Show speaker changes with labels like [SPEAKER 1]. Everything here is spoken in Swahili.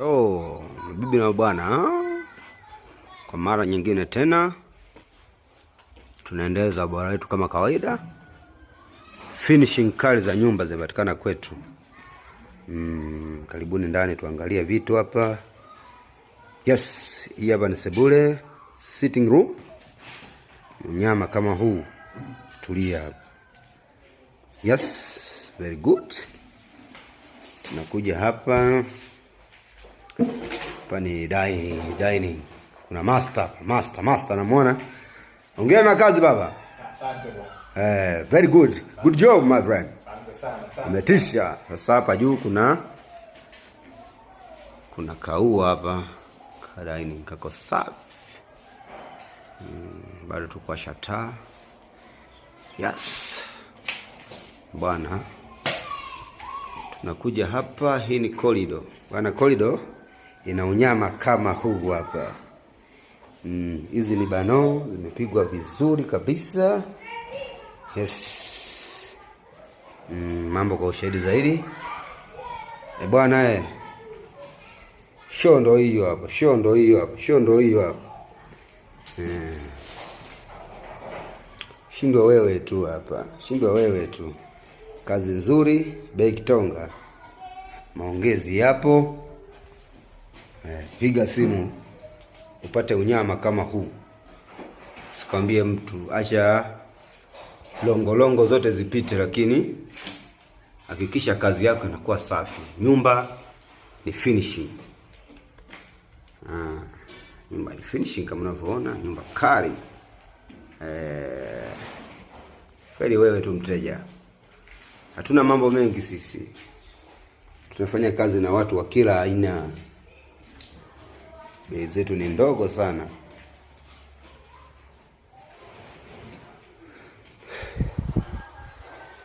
[SPEAKER 1] Oh, bibi na bwana, ah? kwa mara nyingine tena tunaendeleza bora wetu kama kawaida. Finishing kali za nyumba zinapatikana kwetu. Mm, karibuni ndani tuangalie vitu hapa. Yes, hii hapa ni sebule, sitting room. Mnyama kama huu tulia Yes, very good. Tunakuja hapa hapa ni dining, dining. Kuna master, master, master namuona. Ongea na kazi baba. Asante bwana. Eh, very good. Asante. Good job my friend. Asante sana, Umetisha. Sasa hapa juu kuna kuna kaua hapa ka dining kako safi. Mm, bado tuko shata. Yes. Bwana. Tunakuja hapa, hii ni corridor. Bwana corridor ina unyama kama huu hapa. Mm, hizi mm, ni bano zimepigwa vizuri kabisa yes. Mm, mambo kwa ushahidi zaidi e bwana e, show ndo hiyo hapo, show ndo hiyo hapo, show ndo hiyo hapo mm. Shindwa wewe tu hapa, shindwa wewe tu. Kazi nzuri, bei Kitonga, maongezi yapo. Eh, piga simu upate unyama kama huu, sikwambie mtu. Acha longolongo zote zipite, lakini hakikisha kazi yako inakuwa safi. Nyumba ni finishing. Ah, nyumba ni finishing kama unavyoona, nyumba kali eh, kweli. Wewe tu mteja, hatuna mambo mengi sisi, tunafanya kazi na watu wa kila aina bei zetu ni ndogo sana.